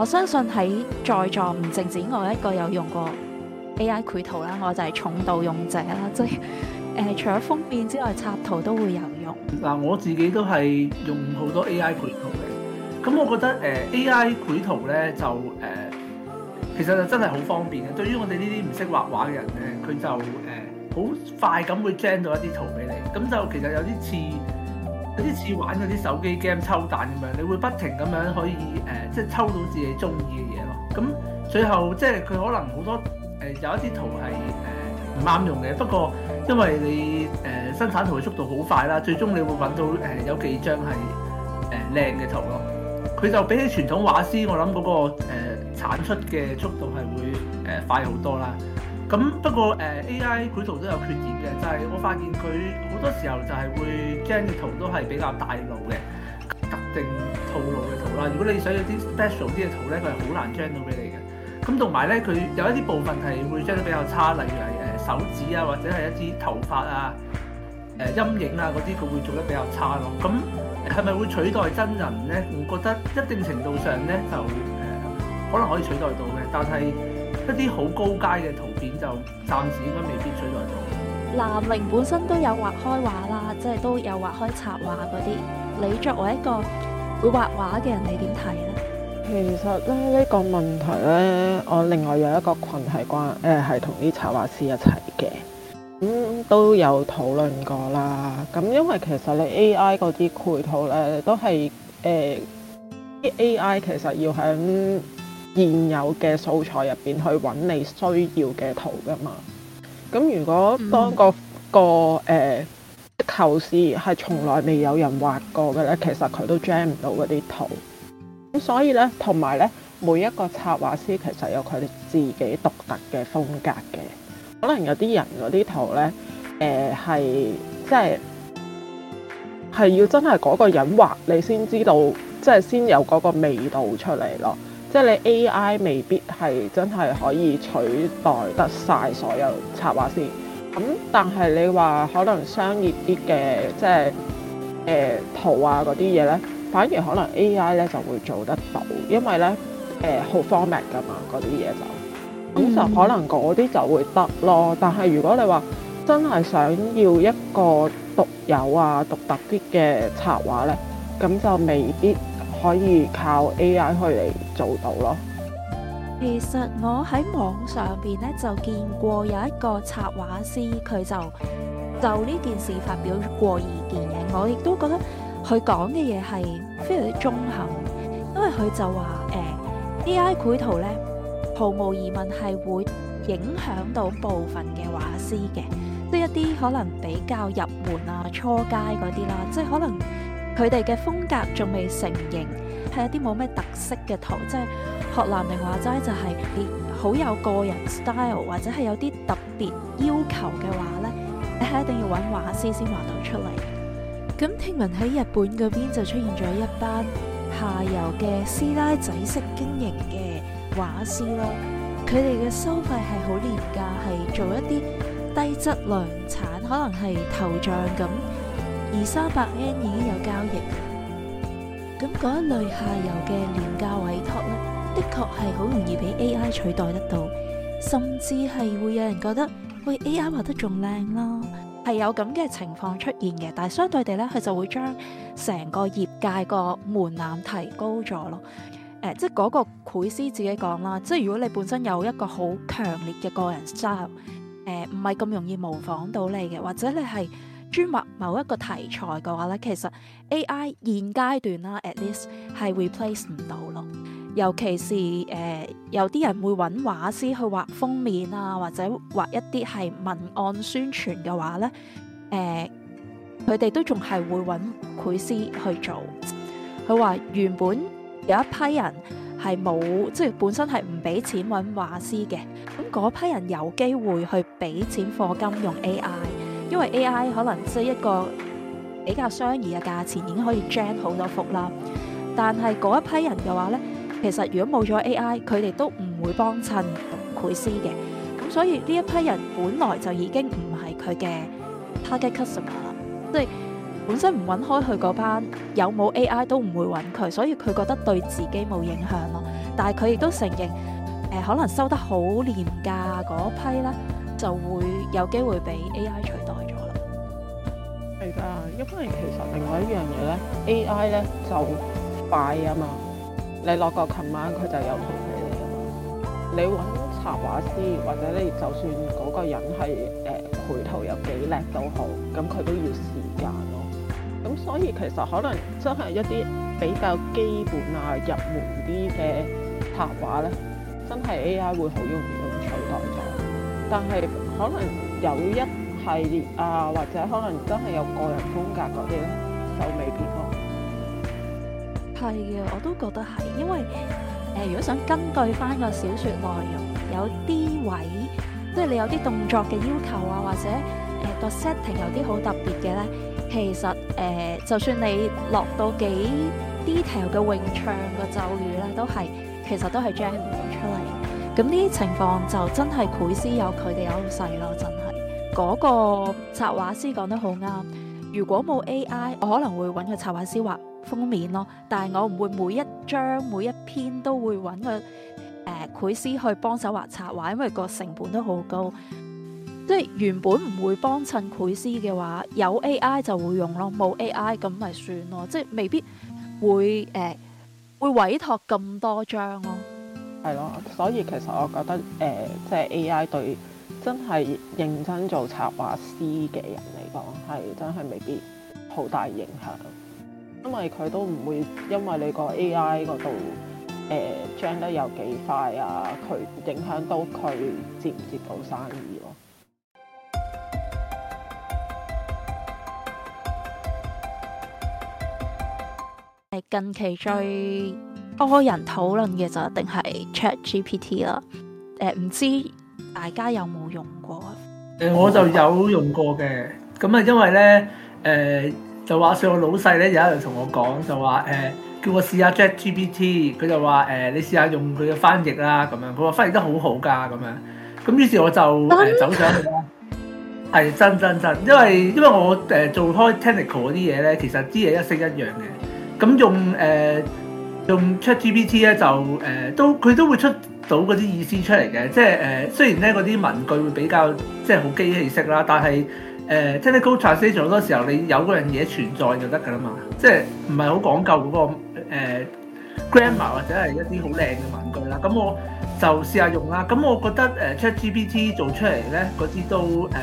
我相信喺在，在座唔淨止我一個有用過 AI 繪圖啦，我就係重度用者啦。即係誒、呃，除咗封面之外，插圖都會有用。嗱，我自己都係用好多 AI 繪圖嘅。咁我覺得誒、呃、AI 繪圖咧就誒、呃，其實就真係好方便嘅。對於我哋呢啲唔識畫畫嘅人咧，佢就誒好、呃、快咁會 generate 一啲圖俾你。咁就其實有啲似。啲似玩嗰啲手機 game 抽蛋咁樣，你會不停咁樣可以誒、呃，即係抽到自己中意嘅嘢咯。咁最後即係佢可能好多誒、呃、有一啲圖係誒唔啱用嘅，不過因為你誒、呃、生產圖嘅速度好快啦，最終你會揾到誒、呃、有幾張係誒靚嘅圖咯。佢就比起傳統畫師，我諗嗰、那個誒、呃、產出嘅速度係會誒、呃、快好多啦。咁不過誒、呃、AI 繪圖都有缺點嘅，就係、是、我發現佢。好多時候就係會 gen 嘅圖都係比較大路嘅特定套路嘅圖啦。如果你想要啲 special 啲嘅圖咧，佢係好難 gen 到俾你嘅。咁同埋咧，佢有一啲部分係會 gen 得比較差，例如係誒手指啊，或者係一啲頭髮啊、誒、啊、陰影啊嗰啲，佢會做得比較差咯。咁係咪會取代真人咧？我覺得一定程度上咧就誒可能可以取代到嘅，但係一啲好高階嘅圖片就暫時應該未必取代到。南嵐靈，本身都有畫開畫啦，即係都有畫開插畫嗰啲。你作為一個會畫畫嘅人，你點睇呢？其實咧呢、這個問題呢，我另外有一個群體關誒，係同啲插畫師一齊嘅、嗯，都有討論過啦。咁、嗯、因為其實你 AI 嗰啲繪圖呢，都係誒、呃、AI 其實要喺現有嘅素材入邊去揾你需要嘅圖噶嘛。咁如果當個個誒頭像係從來未有人畫過嘅咧，其實佢都 jam 唔到嗰啲圖。咁所以咧，同埋咧，每一個插畫師其實有佢哋自己獨特嘅風格嘅。可能有啲人嗰啲圖咧，誒、呃、係即係係要真係嗰個人畫，你先知道，即係先有嗰個味道出嚟咯。即係你 AI 未必係真係可以取代得晒所有插畫師，咁但係你話可能商業啲嘅即係誒、呃、圖啊嗰啲嘢咧，反而可能 AI 咧就會做得到，因為咧誒、呃、好方便㗎嘛嗰啲嘢就，咁就可能嗰啲就會得咯。但係如果你話真係想要一個獨有啊、獨特啲嘅插畫咧，咁就未必。可以靠 AI 去嚟做到咯。其實我喺網上邊咧就見過有一個插畫師，佢就就呢件事發表過意見嘅。我亦都覺得佢講嘅嘢係非常之中肯，因為佢就話誒 AI 繪圖咧，毫無疑問係會影響到部分嘅畫師嘅，即係一啲可能比較入門啊、初階嗰啲啦，即係可能。佢哋嘅風格仲未成型，係一啲冇咩特色嘅圖，即係學嵐靈話齋就係，好有個人 style 或者係有啲特別要求嘅話呢，你係一定要揾畫師先畫到出嚟。咁聽聞喺日本嗰邊就出現咗一班下游嘅師奶仔式經營嘅畫師咯，佢哋嘅收費係好廉價，係做一啲低質量產，可能係頭像咁。二三百 N 已經有交易，咁嗰一類下游嘅廉價委託咧，的確係好容易俾 AI 取代得到，甚至係會有人覺得，喂 AI 畫得仲靚啦，係有咁嘅情況出現嘅。但係相對地咧，佢就會將成個業界個門檻提高咗咯。誒、呃，即係嗰個繪師自己講啦，即係如果你本身有一個好強烈嘅個人 style，誒唔係咁容易模仿到你嘅，或者你係，專畫某一個題材嘅話咧，其實 AI 現階段啦，at least 係 replace 唔到咯。尤其是誒、呃、有啲人會揾畫師去畫封面啊，或者畫一啲係文案宣傳嘅話呢，誒佢哋都仲係會揾繪師去做。佢話原本有一批人係冇，即、就、係、是、本身係唔俾錢揾畫師嘅，咁嗰批人有機會去俾錢課金用 AI。因為 AI 可能即係一個比較相宜嘅價錢已經可以賺好多幅啦，但係嗰一批人嘅話呢，其實如果冇咗 AI，佢哋都唔會幫襯貝斯嘅，咁所以呢一批人本來就已經唔係佢嘅 target customer 啦，即係本身唔揾開佢嗰班有冇 AI 都唔會揾佢，所以佢覺得對自己冇影響咯。但係佢亦都承認，誒、呃、可能收得好廉價嗰批呢，就會有機會俾 AI 取啊，因為其實另外一樣嘢咧，AI 咧就快啊嘛，你落個琴晚佢就有圖俾你啊嘛，你揾插畫師或者你就算嗰個人係誒繪圖有幾叻都好，咁佢都要時間咯，咁所以其實可能真係一啲比較基本啊、入門啲嘅插畫咧，真係 AI 會好容易咁取代咗，但係可能有一。系列啊，或者可能真係有個人風格嗰啲咧，就未必咯。係嘅，我都覺得係因為誒、呃、如果想根據翻個小說內容，有啲位即係你有啲動作嘅要求啊，或者誒、呃個 setting 有啲好特別嘅咧，其實誒、呃、就算你落到幾 detail 嘅詠唱嘅咒語咧，都係其實都係 challenge 出嚟。咁呢啲情況就真係佢斯有佢嘅優勢咯，真。嗰個插畫師講得好啱，如果冇 AI，我可能會揾個插畫師畫封面咯。但係我唔會每一張、每一篇都會揾個誒繪師去幫手畫插畫，因為個成本都好高。即係原本唔會幫襯繪師嘅話，有 AI 就會用咯。冇 AI 咁咪算咯，即係未必會誒、呃、會委託咁多張咯。係咯，所以其實我覺得誒、呃，即係 AI 對。真係認真做插畫師嘅人嚟講，係真係未必好大影響，因為佢都唔會因為你個 AI 嗰度誒張得有幾快啊，佢影響到佢接唔接到生意咯，係近期最多人討論嘅就一定係 ChatGPT 啦。誒、呃、唔知。大家有冇用過啊？誒、呃，我就有用過嘅，咁啊，因為咧，誒、呃，就話上老呢我老細咧有一日同我講，就話誒、呃，叫我試下 ChatGPT，佢就話誒、呃，你試下用佢嘅翻譯啦，咁樣，佢話翻譯得好好噶，咁樣，咁於是我就、呃、走咗去啦。係 真真真，因為因為我誒、呃、做開 technical 嗰啲嘢咧，其實啲嘢一式一樣嘅，咁、嗯、用誒、呃、用 ChatGPT 咧就誒、呃、都佢都會出。到嗰啲意思出嚟嘅，即係誒、呃、雖然咧嗰啲文具會比較即係好機器式啦，但係、呃、Technical Translate 好多時候你有嗰樣嘢存在就得㗎啦嘛，即係唔係好講究嗰、嗰個 grammar、呃、 或者係一啲好靚嘅文具啦。咁我就試下用啦。咁我覺得誒、呃、ChatGPT 做出嚟咧嗰啲都誒，呃、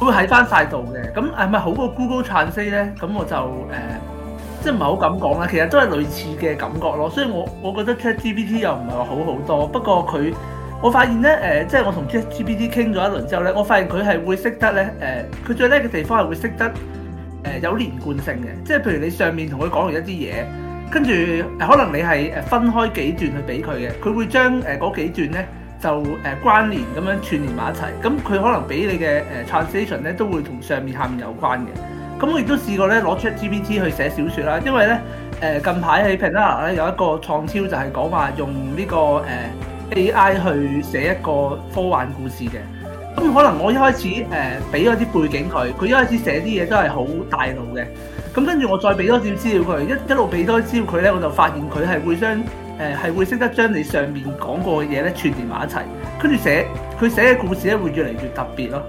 都會喺翻曬度嘅。咁係咪好過 Google Translate 咧？咁我就誒。呃即係唔係好噉講啦，其實都係類似嘅感覺咯，所以我我覺得 ChatGPT 又唔係話好好多，不過佢我發現呢，誒、呃、即係我同 ChatGPT 傾咗一輪之後呢，我發現佢係會識得呢，誒、呃、佢最叻嘅地方係會識得、呃、有連貫性嘅，即係譬如你上面同佢講完一啲嘢，跟住可能你係誒分開幾段去俾佢嘅，佢會將誒嗰幾段呢就誒關聯咁樣串聯埋一齊，咁佢可能俾你嘅誒 transition 呢都會同上面下面有關嘅。咁我亦都試過咧攞 ChatGPT 去寫小説啦，因為咧誒、呃、近排喺 Penana 啦有一個創超就係講話用呢、這個誒、呃、AI 去寫一個科幻故事嘅。咁可能我一開始誒俾咗啲背景佢，佢一開始寫啲嘢都係好大路嘅。咁跟住我再俾多啲資料佢，一一路俾多啲資料佢咧，我就發現佢係會將誒係會識得將你上面講過嘅嘢咧串連埋一齊，跟住寫佢寫嘅故事咧會越嚟越特別咯。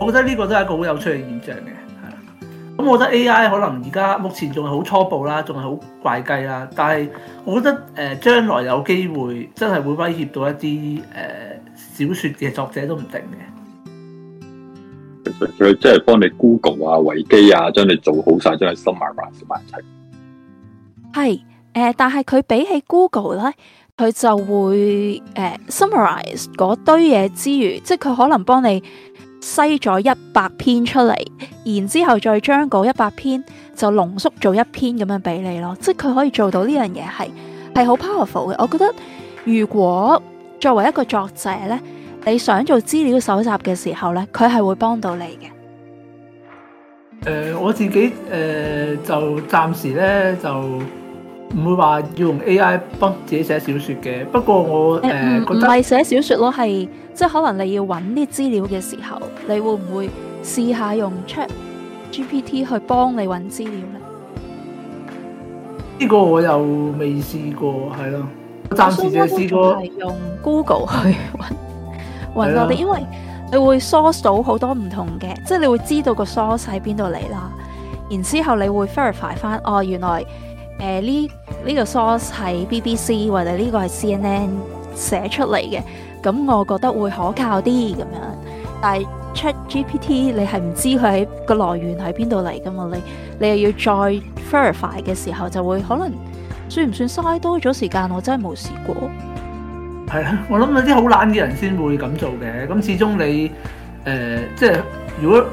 我覺得呢個都係一個好有趣嘅現象嘅。咁我覺得 AI 可能而家目前仲係好初步啦，仲係好怪雞啦。但係我覺得誒、呃，將來有機會真係會威脅到一啲誒、呃、小說嘅作者都唔定嘅。佢即係幫你 Google 啊、維基啊，將你做好晒，將佢 summarize 埋一齊。係誒，但係佢比起 Google 咧，佢就會誒、呃、summarize 嗰堆嘢之餘，即係佢可能幫你。篩咗一百篇出嚟，然之後再將嗰一百篇就濃縮做一篇咁樣俾你咯，即係佢可以做到呢樣嘢，係係好 powerful 嘅。我覺得如果作為一個作者咧，你想做資料搜集嘅時候咧，佢係會幫到你嘅。誒、呃，我自己誒、呃、就暫時呢就。唔會話要用 AI 幫自己寫小說嘅，不過我誒唔係寫小說咯，係即係可能你要搵啲資料嘅時候，你會唔會試下用 ChatGPT 去幫你搵資料呢？呢個我又未試過，係咯，暫時未試過。係用 Google 去搵，搵落嚟，是的 因為你會 source 到好多唔同嘅，即係你會知道個 source 喺邊度嚟啦，然之後你會 verify 翻，哦，原來。誒，呢呢、呃這個 source 係 BBC 或者呢個係 CNN 寫出嚟嘅，咁我覺得會可靠啲咁樣。但係 ChatGPT 你係唔知佢喺個來源喺邊度嚟噶嘛？你你又要再 verify 嘅時候，就會可能算唔算嘥多咗時間？我真係冇試過。係啊，我諗有啲好懶嘅人先會咁做嘅。咁始終你誒、呃，即係如果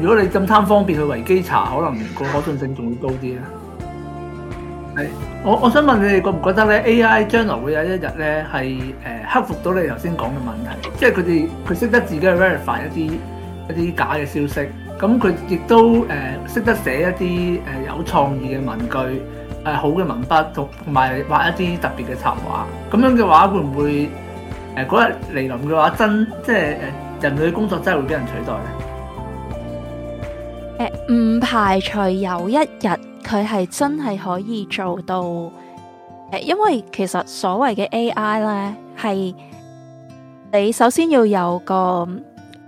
如果你咁貪方便去維基查，可能個可,可信性仲會高啲啊。係，我我想問你哋覺唔覺得咧？AI 將來會有一日咧係誒克服到你頭先講嘅問題，即係佢哋佢識得自己去 verify 一啲一啲假嘅消息，咁佢亦都誒識、呃、得寫一啲誒、呃、有創意嘅文句，誒、呃、好嘅文筆同埋畫一啲特別嘅插畫，咁樣嘅話會唔會誒嗰日嚟臨嘅話真即係誒、呃、人類工作真係會俾人取代咧？誒，唔、uh, 排除有一日佢係真係可以做到誒，uh, 因為其實所謂嘅 A.I. 咧，係你首先要有個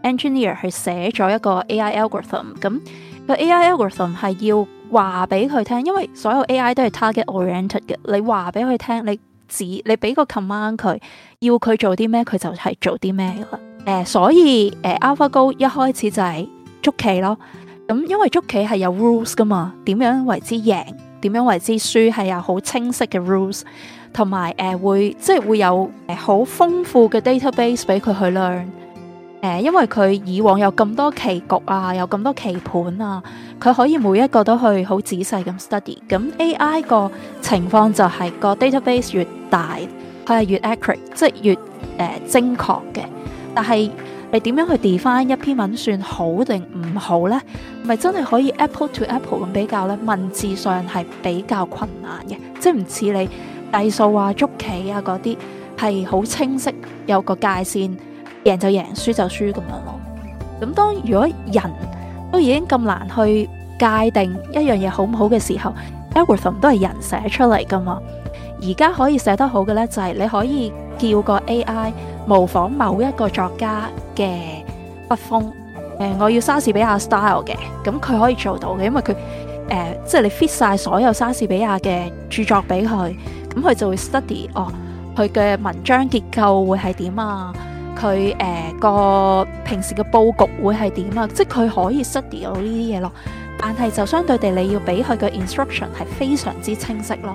engineer 去寫咗一個 A.I. algorithm。咁個 A.I. algorithm 係要話俾佢聽，因為所有 A.I. 都係 target oriented 嘅。你話俾佢聽，你指你俾個 command 佢，要佢做啲咩，佢就係做啲咩噶啦。誒，所以誒、uh，AlphaGo 一開始就係捉棋咯。咁因為捉棋係有 rules 㗎嘛，點樣為之贏，點樣為之輸，係有好清晰嘅 rules，同埋誒會即係會有誒好、呃、豐富嘅 database 俾佢去 learn，誒、呃、因為佢以往有咁多棋局啊，有咁多棋盤啊，佢可以每一個都去好仔細咁 study、嗯。咁 AI 個情況就係、是這個 database 越大，佢係越 accurate，即係越誒、呃、精確嘅，但係。你點樣去 define 一篇文算好定唔好呢？咪真係可以 apple to apple 咁比較呢？文字上係比較困難嘅，即係唔似你計數啊、捉棋啊嗰啲係好清晰有個界線，贏就贏，輸就輸咁樣咯。咁當如果人都已經咁難去界定一樣嘢好唔好嘅時候，algorithm 都係人寫出嚟噶嘛。而家可以寫得好嘅呢，就係你可以叫個 AI，模仿某一個作家嘅筆風，誒，我要莎士比亞 style 嘅。咁佢可以做到嘅，因為佢誒，即係你 fit 曬所有莎士比亞嘅著作俾佢，咁佢就會 study，哦，佢嘅文章結構會係點啊，佢誒個平時嘅佈局會係點啊，即係佢可以 study 到呢啲嘢咯，但係就相對地你要俾佢嘅 instruction 係非常之清晰咯，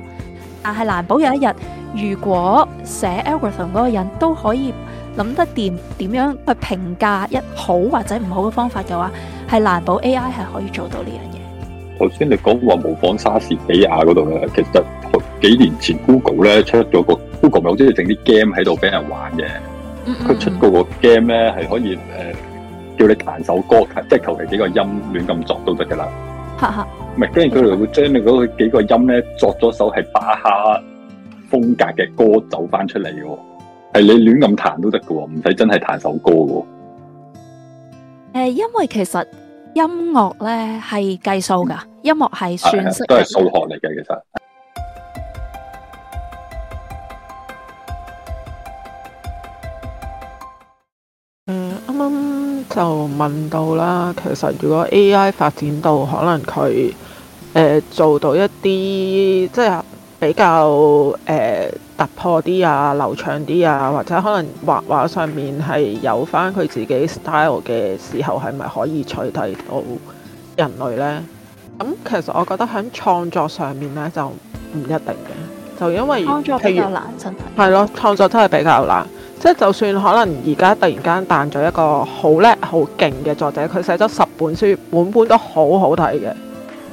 但係難保有一日如果。寫 algorithm 同嗰個人都可以諗得掂，點樣去評價一好或者唔好嘅方法嘅話，係難保 AI 係可以做到呢樣嘢。頭先你講話模仿莎士比亞嗰度咧，其實幾年前 Go 呢 Google 咧出咗個 Google 咪好中意整啲 game 喺度俾人玩嘅，佢、嗯嗯嗯、出個個 game 咧係可以誒、呃、叫你彈首歌，即係求其幾個音亂咁作都得噶啦。哈哈， 係，跟住佢哋會將你嗰幾個音咧作咗首係巴哈。風格嘅歌走翻出嚟喎，係你亂咁彈都得嘅喎，唔使真係彈首歌嘅喎。誒，因為其實音樂咧係計數嘅，音樂係算式，都係數學嚟嘅。其實嗯，啱啱就問到啦，其實如果 AI 發展到可能佢誒、呃、做到一啲即係，就是比較誒、呃、突破啲啊，流暢啲啊，或者可能畫畫上面係有返佢自己 style 嘅時候，係咪可以取代到人類呢？咁其實我覺得喺創作上面呢，就唔一定嘅，就因為創作比較難，真係係咯，創作真係比較難。即係就算可能而家突然間彈咗一個好叻好勁嘅作者，佢寫咗十本書，本本都好好睇嘅。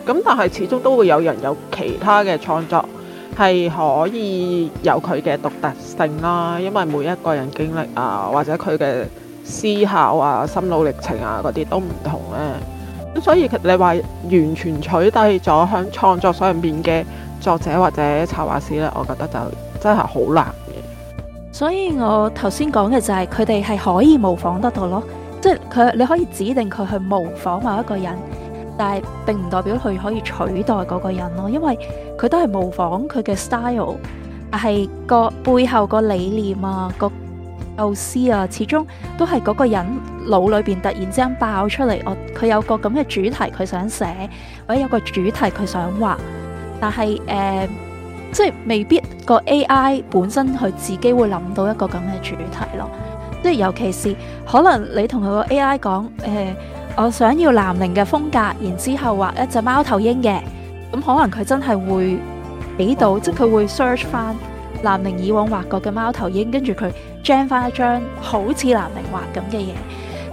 咁但係始終都會有人有其他嘅創作。係可以有佢嘅獨特性啦，因為每一個人經歷啊，或者佢嘅思考啊、心路歷程啊嗰啲都唔同咧。咁所以你話完全取代咗響創作上面嘅作者或者插畫師咧，我覺得就真係好難嘅。所以我頭先講嘅就係佢哋係可以模仿得到咯，即係佢你可以指定佢去模仿某一個人。但係，並唔代表佢可以取代嗰個人咯，因為佢都係模仿佢嘅 style，但係個背後個理念啊、個構思啊，始終都係嗰個人腦裏邊突然之間爆出嚟。我佢有個咁嘅主題佢想寫，或者有個主題佢想畫，但係誒、呃，即係未必個 AI 本身佢自己會諗到一個咁嘅主題咯。即係尤其是可能你同佢個 AI 講誒。呃我想要嵐靈嘅風格，然之後畫一隻貓頭鷹嘅，咁可能佢真係會俾到，哦、即係佢會 search 翻嵐靈以往畫過嘅貓頭鷹，跟住佢 jam 翻一張好似嵐靈畫咁嘅嘢。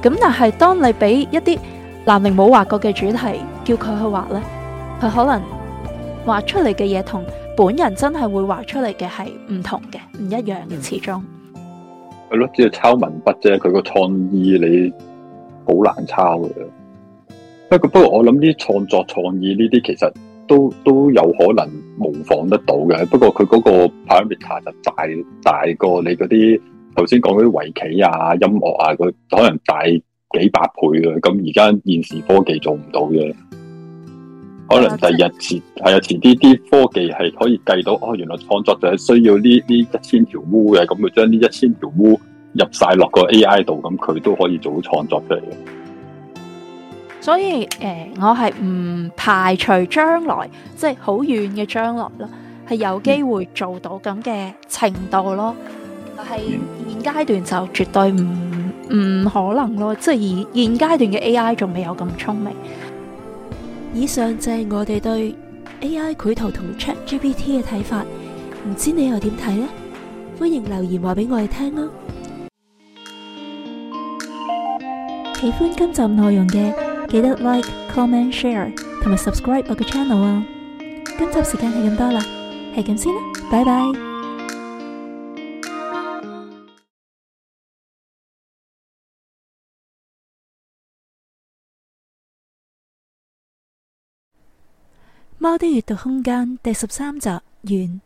咁但係當你俾一啲嵐靈冇畫過嘅主題，叫佢去畫呢，佢可能畫出嚟嘅嘢同本人真係會畫出嚟嘅係唔同嘅，唔一樣嘅，始終係咯，只係抄文筆啫，佢個創意你。好難抄嘅，不過不過我諗啲創作創意呢啲其實都都有可能模仿得到嘅，不過佢嗰個 parameter 就大大過你嗰啲頭先講嗰啲圍棋啊、音樂啊，佢可能大幾百倍嘅，咁而家現時科技做唔到嘅，可能第日像前係啊前啲啲科技係可以計到哦，原來創作就係需要呢呢一千條烏嘅，咁佢將呢一千條烏入晒落個 A I 度，咁佢都可以做到創作出嚟嘅。所以誒、呃，我係唔排除將來即係好遠嘅將來咯，係有機會做到咁嘅程度咯。但係、嗯、現階段就絕對唔唔可能咯，即係現現階段嘅 A I 仲未有咁聰明。以上就係我哋對 A I 繪圖同 Chat G P T 嘅睇法，唔知你又點睇呢？歡迎留言話俾我哋聽啦。喜歡今集內容嘅記得 like, comment, share，同埋 subscribe 我嘅 channel 啊。今集時間係咁多啦，係咁先啦，拜拜。貓的閱讀空間第十三集完。